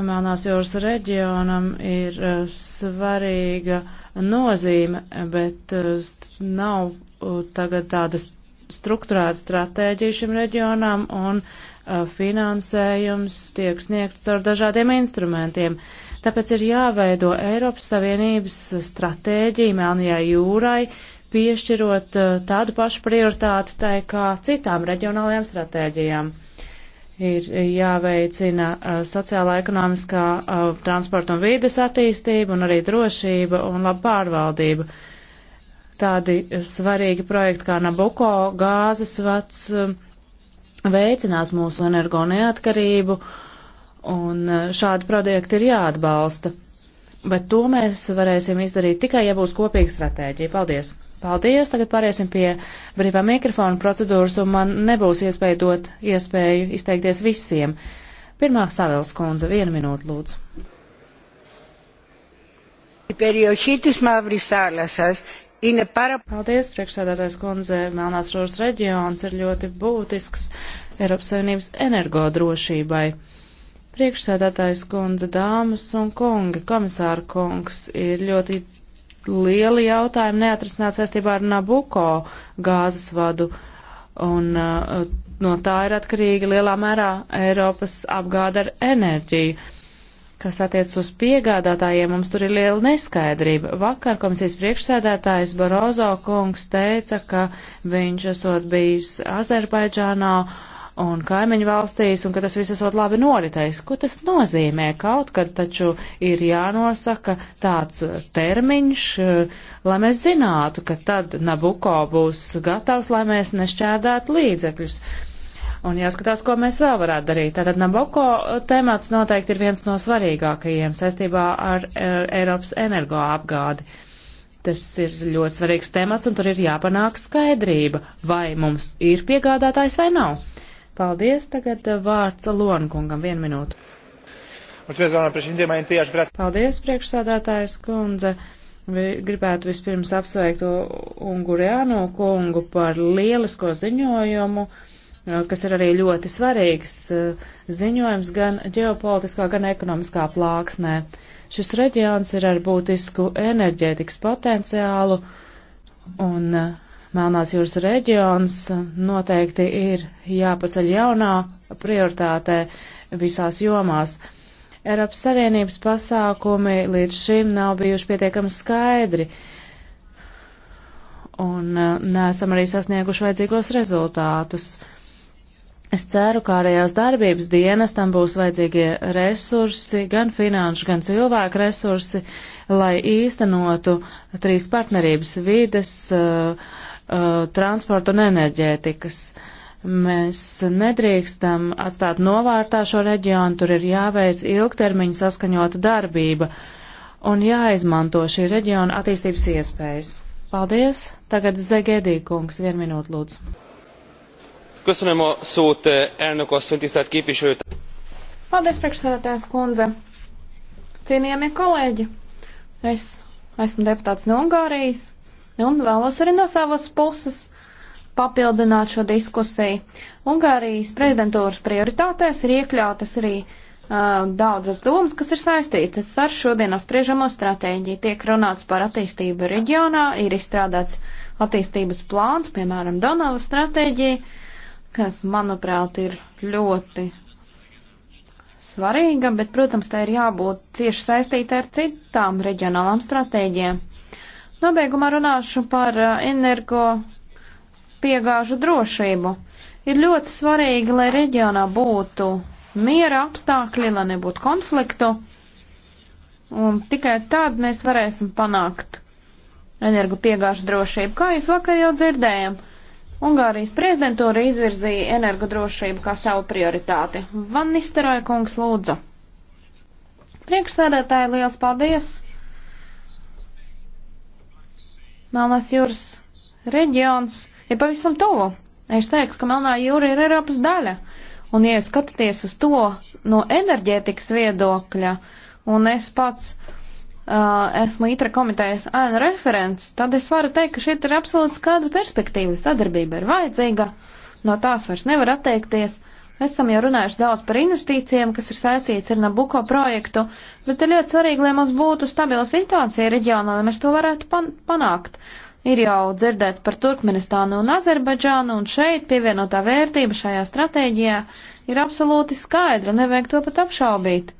Melnās jūras reģionam ir uh, svarīga. Uh, nozīme, bet uh, nav uh, tagad tādas strukturēta stratēģija šim reģionam un uh, finansējums tiek sniegts ar dažādiem instrumentiem. Tāpēc ir jāveido Eiropas Savienības stratēģija Melnajai jūrai, piešķirot uh, tādu pašu prioritāti tai kā citām reģionālajām stratēģijām ir jāveicina uh, sociālā, ekonomiskā, uh, transporta un vīdes attīstība un arī drošība un laba pārvaldība. Tādi svarīgi projekti kā Nabuko gāzes vats uh, veicinās mūsu energo neatkarību, un šādi projekti ir jāatbalsta. Bet to mēs varēsim izdarīt tikai, ja būs kopīga stratēģija. Paldies! Paldies! Tagad pāriesim pie brīvā mikrofona procedūras, un man nebūs iespēja dot iespēju izteikties visiem. Pirmā Savils kundze, viena minūte, lūdzu. Paldies, priekšsēdētājs kundze. Melnās Rūras reģions ir ļoti būtisks Eiropas Savienības energodrošībai. drošībai Priekšsēdētājs kundze, dāmas un kungi, komisāra kungs, ir ļoti lieli jautājumi neatrisināt saistībā ar Nabuko gāzes vadu, un uh, no tā ir atkarīga lielā mērā Eiropas apgāda ar enerģiju. Kas attiec uz piegādātājiem, mums tur ir liela neskaidrība. Vakar komisijas priekšsēdētājs Barozo kungs teica, ka viņš esot bijis Azerbaidžānā un kaimiņu valstīs, un ka tas viss esot labi noritējis. Ko tas nozīmē? Kaut kad taču ir jānosaka tāds uh, termiņš, uh, lai mēs zinātu, ka tad Nabuko būs gatavs, lai mēs nešķērdētu līdzekļus. Un jāskatās, ko mēs vēl varētu darīt. Tātad Naboko uh, temats noteikti ir viens no svarīgākajiem saistībā ar, ar Eiropas energoapgādi. Tas ir ļoti svarīgs temats, un tur ir jāpanāk skaidrība, vai mums ir piegādātājs vai nav. Paldies, tagad eh, vārds Lonkungam, vienu minūtu. Paldies, priekšsādātājs kundze. Gribētu vispirms apsveikt Unguriāno kungu par lielisko ziņojumu, eh, kas ir arī ļoti svarīgs eh, ziņojums gan ģeopolitiskā, gan ekonomiskā plāksnē. Šis reģions ir ar būtisku enerģētikas potenciālu un uh, Melnās jūras reģions noteikti ir jāpaceļ jaunā prioritātē visās jomās. Eiropas Savienības pasākumi līdz šim nav bijuši pietiekami skaidri, un uh, neesam arī sasnieguši vajadzīgos rezultātus. Es ceru, ka ārējās darbības dienestam būs vajadzīgie resursi, gan finanšu, gan cilvēku resursi, lai īstenotu trīs partnerības vides, uh, uh, transportu un enerģētikas. Mēs nedrīkstam atstāt novārtā šo reģionu, tur ir jāveic ilgtermiņa saskaņota darbība un jāizmanto šī reģiona attīstības iespējas. Paldies! Tagad Zegedī kungs, vien minūte lūdzu. Köszönöm a szót, elnök asszony, tisztelt képviselőt! Paldies, priekšsēdētājs kundze! Cienījamie kolēģi, es esmu deputāts no Ungārijas, Un vēlos arī no savas puses papildināt šo diskusiju. Ungārijas prezidentūras prioritātēs ir iekļautas arī uh, daudzas domas, kas ir saistītas ar šodienas priežamo stratēģiju. Tiek runāts par attīstību reģionā, ir izstrādāts attīstības plāns, piemēram, Donava stratēģija, kas, manuprāt, ir ļoti svarīga, bet, protams, tā ir jābūt cieši saistīta ar citām reģionālām stratēģijām. Nobeigumā runāšu par uh, energo piegāžu drošību. Ir ļoti svarīgi, lai reģionā būtu miera apstākļi, lai nebūtu konfliktu, un tikai tad mēs varēsim panākt energo piegāžu drošību, kā jūs vakar jau dzirdējām. Ungārijas prezidentūra izvirzīja energodrošību kā savu prioritāti. Van Nisteroja kungs lūdzu. Priekšsēdētāji, liels paldies! Melnās jūras reģions ir pavisam tuvu. Es teiktu, ka Melnā jūra ir Eiropas daļa. Un, ja skatāties uz to no enerģētikas viedokļa, un es pats uh, esmu ITRA komitejas ēna referents, tad es varu teikt, ka šeit ir absolūti skaidra perspektīva. Sadarbība ir vajadzīga, no tās vairs nevar atteikties. Esam jau runājuši daudz par investīcijiem, kas ir saistīts ar Nabuko projektu, bet ir ļoti svarīgi, lai mums būtu stabila situācija reģionā, lai mēs to varētu pan panākt. Ir jau dzirdēt par Turkmenistānu un Azerbaidžānu, un šeit pievienotā vērtība šajā stratēģijā ir absolūti skaidra, nevajag to pat apšaubīt.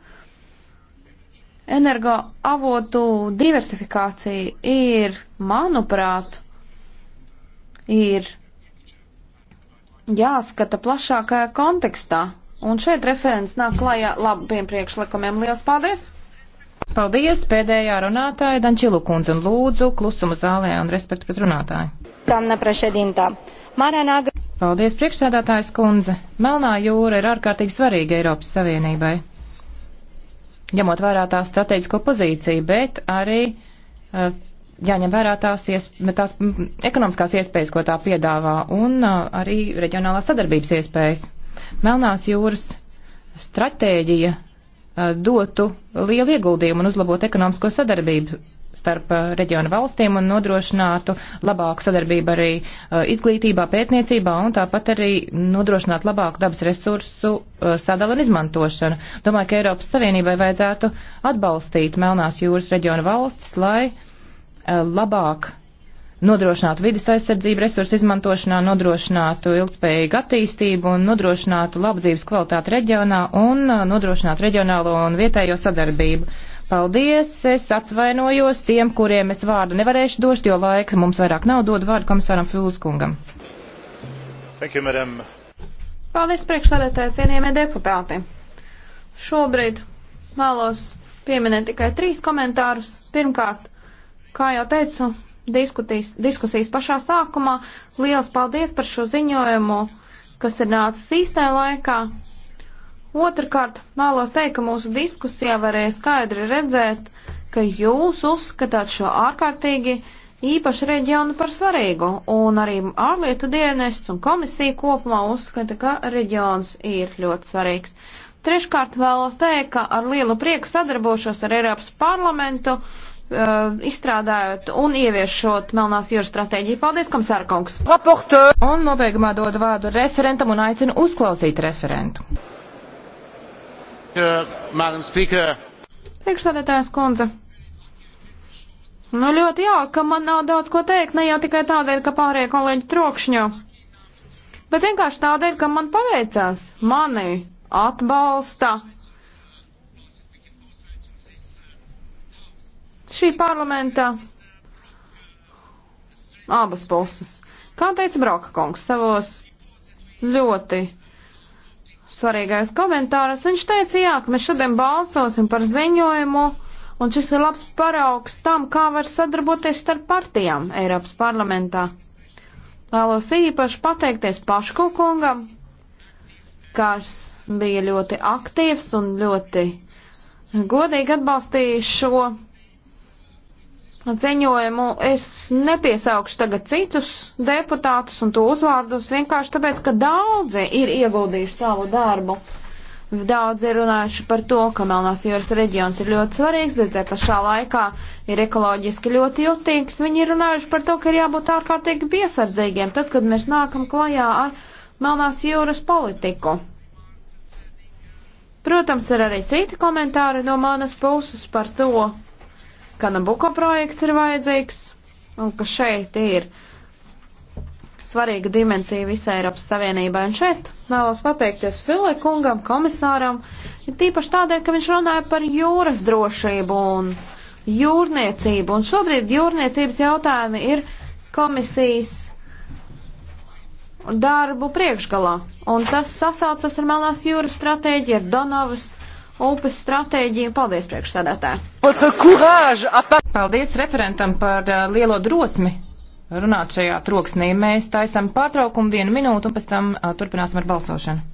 Energo avotu diversifikācija ir, manuprāt, ir jāskata plašākajā kontekstā. Un šeit referents nāk klajā labiem priekšlikumiem. Lielas paldies! Paldies! Pēdējā runātāja Dančilu kundze un lūdzu klusumu zālē un respektu pret runātāju. Tamna prašedintā. Mārā nāga. Paldies, priekšsēdātājs kundze. Melnā jūra ir ārkārtīgi svarīga Eiropas Savienībai. Ņemot vērā tā strateģisko pozīciju, bet arī uh, jāņem vērā tās, iesp tās ekonomiskās iespējas, ko tā piedāvā, un arī reģionālās sadarbības iespējas. Melnās jūras stratēģija dotu lielu ieguldījumu un uzlabotu ekonomisko sadarbību starp reģionu valstīm un nodrošinātu labāku sadarbību arī izglītībā, pētniecībā un tāpat arī nodrošinātu labāku dabas resursu sadalu un izmantošanu. Domāju, ka Eiropas Savienībai vajadzētu atbalstīt Melnās jūras reģionu valstis, lai Eh, labāk nodrošinātu vidas aizsardzību, resursu izmantošanā, nodrošinātu ilgspējīgu attīstību un nodrošinātu labu dzīves kvalitāti reģionā un eh, nodrošinātu reģionālo un vietējo sadarbību. Paldies, es atvainojos tiem, kuriem es vārdu nevarēšu došt, jo laika mums vairāk nav dod vārdu komisāram Fjūlskungam. Thank you, madam. Paldies, priekšsādētāji, cienījamie deputāti. Šobrīd vēlos pieminēt tikai trīs komentārus. Pirmkārt, Kā jau teicu, diskutīs, diskusijas pašā sākumā, liels paldies par šo ziņojumu, kas ir nācis īstajā laikā. Otrakārt, vēlos teikt, ka mūsu diskusijā varēja skaidri redzēt, ka jūs uzskatāt šo ārkārtīgi īpašu reģionu par svarīgu, un arī ārlietu dienests un komisija kopumā uzskata, ka reģions ir ļoti svarīgs. Treškārt vēlos teikt, ka ar lielu prieku sadarbošos ar Eiropas parlamentu Uh, izstrādājot un ieviešot Melnās jūras stratēģiju. Paldies, komisāra kungs! Raporteur. Un nobeigumā dod vārdu referentam un aicinu uzklausīt referentu. Uh, Priekšstādētājs kundze. Nu ļoti jā, ka man nav daudz ko teikt, ne jau tikai tādēļ, ka pārējie kolēģi trokšņo, bet vienkārši tādēļ, ka man paveicās. Mani atbalsta šī parlamenta abas puses. Kā teica Brauka kungs savos ļoti svarīgais komentārs, viņš teica, jā, ka mēs šodien balsosim par ziņojumu, un šis ir labs paraugs tam, kā var sadarboties starp partijām Eiropas parlamentā. Vēlos īpaši pateikties Pašku kungam, kas bija ļoti aktīvs un ļoti godīgi atbalstīja šo ziņojumu. Es nepiesaukšu tagad citus deputātus un to uzvārdus vienkārši tāpēc, ka daudzi ir ieguldījuši savu darbu. Daudzi ir runājuši par to, ka Melnās jūras reģions ir ļoti svarīgs, bet te pašā laikā ir ekoloģiski ļoti jūtīgs. Viņi ir runājuši par to, ka ir jābūt ārkārtīgi piesardzīgiem, tad, kad mēs nākam klajā ar Melnās jūras politiku. Protams, ir arī citi komentāri no manas puses par to, ka Nabuko projekts ir vajadzīgs un ka šeit ir svarīga dimensija visai Eiropas Savienībai. Un šeit vēlos pateikties File kungam, komisāram, ir tīpaši tādēļ, ka viņš runāja par jūras drošību un jūrniecību. Un šobrīd jūrniecības jautājumi ir komisijas darbu priekšgalā. Un tas sasaucas ar Melnās jūras stratēģiju, ar Donavas upes stratēģiju. Paldies, priekšsēdētāji! Paldies referentam par uh, lielo drosmi runāt šajā troksnī. Mēs taisam pārtraukumu vienu minūtu un pēc tam uh, turpināsim ar balsošanu.